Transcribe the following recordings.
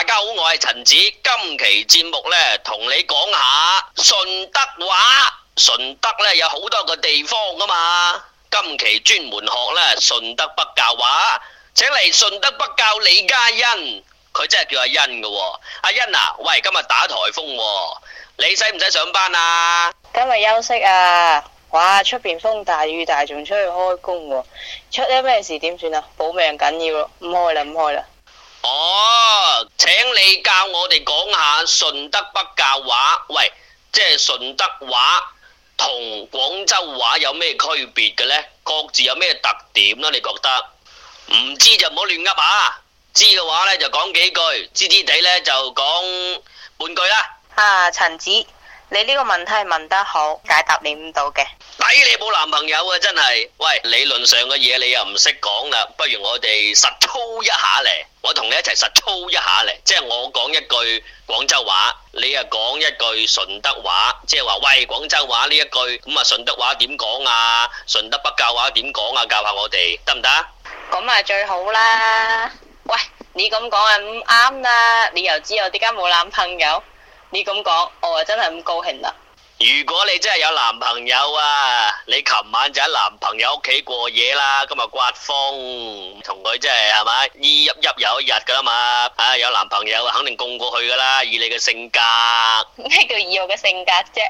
大家好，我係陳子，今期節目呢，同你講下順德話。順德呢，有好多個地方噶嘛，今期專門學呢，順德北滘話，請嚟順德北滘李嘉欣，佢真係叫阿欣噶喎。阿欣啊，喂，今日打台風喎，你使唔使上班啊？今日休息啊！哇，出邊風大雨大，仲出去開工喎，啊？出咗咩事點算啊？保命緊要咯，唔開啦，唔開啦。哦，請你教我哋講下順德北滘話，喂，即係順德話同廣州話有咩區別嘅呢？各自有咩特點呢、啊？你覺得？唔知就唔好亂噏啊！知嘅話呢，就講幾句，知知地呢，就講半句啦。啊，陳子，你呢個問題問得好，解答你唔到嘅。抵你冇男朋友啊！真係，喂，理論上嘅嘢你又唔識講啦，不如我哋實操一下嚟。我同你一齊實操一下嚟，即係我講一句廣州話，你啊講一句順德話，即係話喂廣州話呢一句咁啊，順德話點講啊？順德北滘話點講啊？教下我哋得唔得啊？咁啊最好啦！喂，你咁講啊唔啱啦！你又知我點解冇男朋友？你咁講，我啊真係咁高興啦！如果你真係有男朋友啊！有屋企過夜啦，今日颳風，同佢真係係咪二一一有一日噶啦嘛？啊，有男朋友肯定供過去噶啦，以你嘅性格咩？叫以我嘅性格啫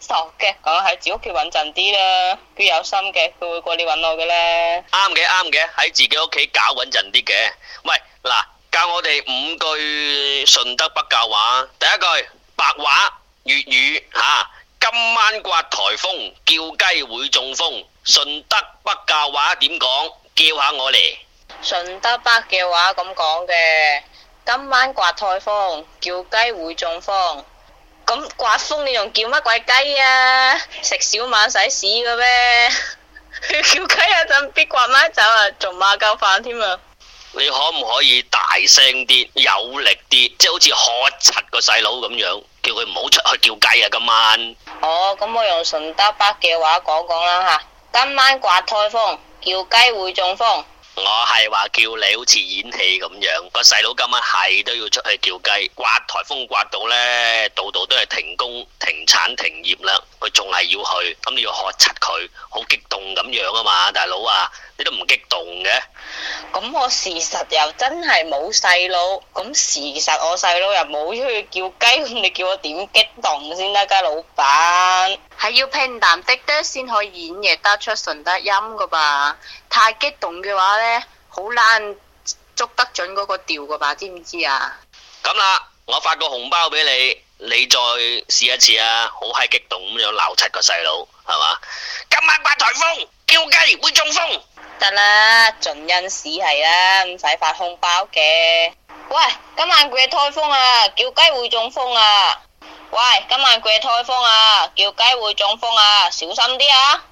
傻嘅，講喺自己屋企穩陣啲啦。佢有心嘅，佢會過嚟搵我嘅咧。啱嘅，啱嘅，喺自己屋企搞穩陣啲嘅。喂，嗱，教我哋五句順德北滘話。第一句白話粵語吓、啊，今晚刮台風，叫雞會中風。順德北教話點講？叫下我嚟。順德北嘅話咁講嘅，今晚刮颱風，叫雞會中風。咁、嗯、刮風，你仲叫乜鬼雞啊？食小馬使屎嘅咩？ 叫雞有陣必刮媽走啊？仲罵夠飯添啊！你可唔可以大聲啲，有力啲，即係好似呵柒個細佬咁樣，叫佢唔好出去叫雞啊！今晚。哦，咁我用順德北嘅話講講啦吓。今晚刮台風，叫雞會中風。我係話叫你好似演戲咁樣，個細佬今晚係都要出去叫雞。刮台風刮到呢，度度都係停工、停產、停業啦。佢仲係要去，咁你要呵斥佢，好激動咁樣啊嘛，大佬啊，你都唔激動嘅。咁我事實又真係冇細佬，咁事實我細佬又冇出去叫雞，你叫我點激動先得噶，老闆。係要平淡啲啲先可以演繹得出順德音噶吧？太激動嘅話呢，好難捉得準嗰個調噶吧？知唔知啊？咁啦，我發個紅包俾你，你再試一次啊！好嗨激動咁樣鬧七個細佬，係嘛？今晚刮台風，叫雞會中風。得啦，盡因屎係啊，唔使發紅包嘅。喂，今晚刮台風啊！叫雞會中風啊！喂，今晚佢刮台風啊，叫雞會中風啊，小心啲啊！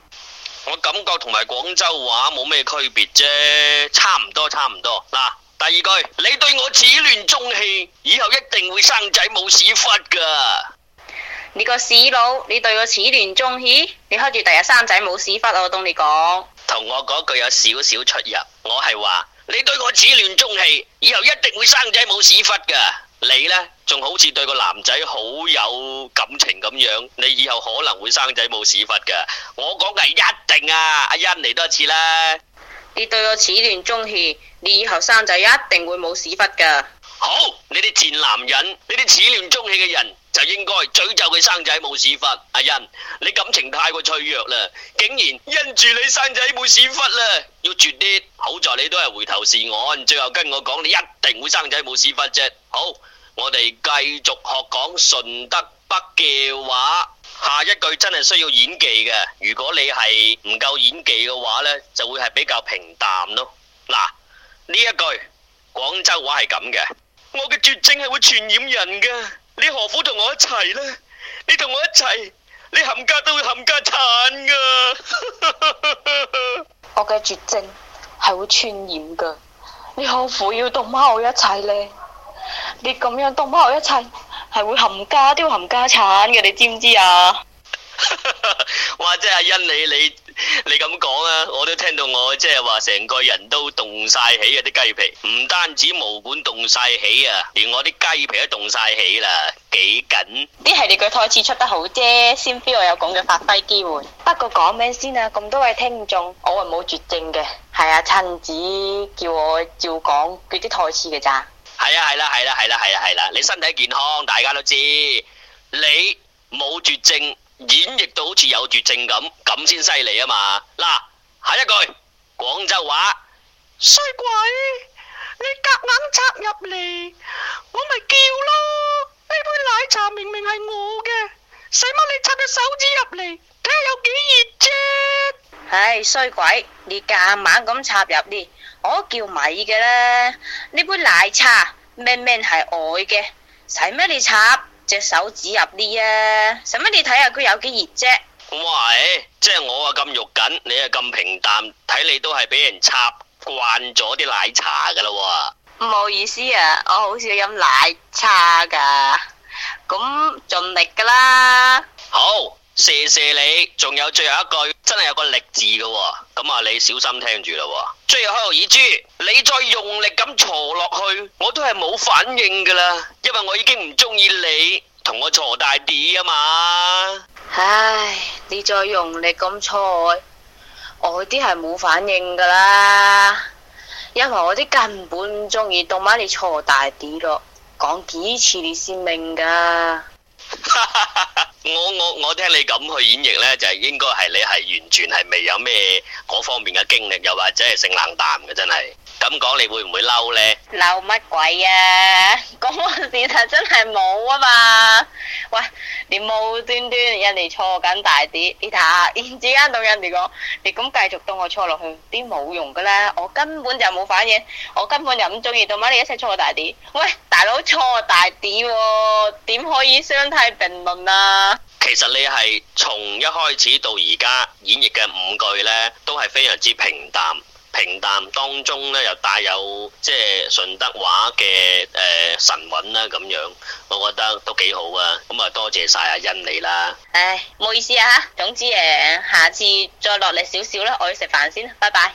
我感覺同埋廣州話冇咩區別啫，差唔多，差唔多。嗱，第二句，你對我始亂終棄，以後一定會生仔冇屎忽噶。你個屎佬，你對我始亂終棄，你黑住第日生仔冇屎忽啊！我同你講，同我嗰句有少少出入，我係話你對我始亂終棄，以後一定會生仔冇屎忽噶。你呢，仲好似對個男仔好有感情咁樣，你以後可能會生仔冇屎忽噶。我講嘅係一定啊，阿欣嚟多次啦。你對我始亂終棄，你以後生仔一定會冇屎忽噶。好，你啲賤男人，你啲始亂終棄嘅人。就應該詛咒佢生仔冇屎忽。阿欣，你感情太過脆弱啦，竟然因住你生仔冇屎忽啦，要絕啲。好在你都係回頭是岸，最後跟我講你一定會生仔冇屎忽啫。好，我哋繼續學講順德北嘅話，下一句真係需要演技嘅。如果你係唔夠演技嘅話呢，就會係比較平淡咯。嗱，呢一句廣州話係咁嘅，我嘅絕症係會傳染人嘅。」你何苦同我一齊呢？你同我一齊，你冚家都會冚家產噶！ 我嘅絕症係會傳染噶，你何苦要同埋我一齊呢？你咁樣同埋我一齊，係會冚家都要冚家產嘅，你知唔知啊？ 哇！即係因你你你咁講啊，我都聽到我即係話成個人都凍晒起啊啲雞皮，唔單止毛管凍晒起啊，連我啲雞皮都凍晒起啦，幾緊！啲係你個台詞出得好啫，先俾我有咁嘅發揮機會。不過講咩先啊？咁多位聽眾，我話冇絕症嘅。係啊，親子叫我照講佢啲台詞嘅咋。係啊係啦係啦係啦係啊係啦，你身體健康，大家都知，你冇絕症。演繹到好似有絕症咁，咁先犀利啊嘛！嗱，下一句，廣州話。衰鬼，你夾硬硬插入嚟，我咪叫咯！呢杯奶茶明明係我嘅，使乜你插隻手指入嚟？睇下有幾熱啫！唉，衰鬼，你夾硬咁插入嚟，我叫米嘅啦！呢杯奶茶明明係我嘅，使乜你插？隻手指入啲啊！使乜你睇下佢有幾熱啫，啊？喂，即係我啊咁肉緊，你啊咁平淡，睇你都係畀人插慣咗啲奶茶㗎喇喎！唔好意思啊，我好少飲奶茶㗎，咁盡力㗎啦。好。謝謝你，仲有最後一句，真係有個力字嘅，咁啊你小心聽住啦。最後，耳豬，你再用力咁挫落去，我都係冇反應噶啦，因為我已經唔中意你同我挫大啲啊嘛。唉，你再用力咁挫，我啲係冇反應噶啦，因為我啲根本唔中意到媽你挫大啲咯，講幾次你先明噶。 我我我聽你咁去演繹咧，就係應該係你係完全係未有咩嗰方面嘅經歷，又或者係性冷淡嘅，真係咁講，你會唔會嬲咧？嬲乜鬼啊！講個事實真係冇啊嘛。喂無端端人哋錯緊大啲。你睇，然之間到人哋講，你咁繼續當我錯落去，啲冇用噶啦，我根本就冇反應，我根本就唔中意，做乜你一齊錯大啲，喂，大佬錯大啲喎、哦，點可以相提並論啊？其實你係從一開始到而家演繹嘅五句咧，都係非常之平淡。平淡當中咧，又帶有即係順德話嘅誒神韻啦，咁樣我覺得都幾好啊！咁啊，多謝曬阿欣妮啦。唉，唔好意思啊！哈，總之誒，下次再落嚟少少啦，我要食飯先啦，拜拜。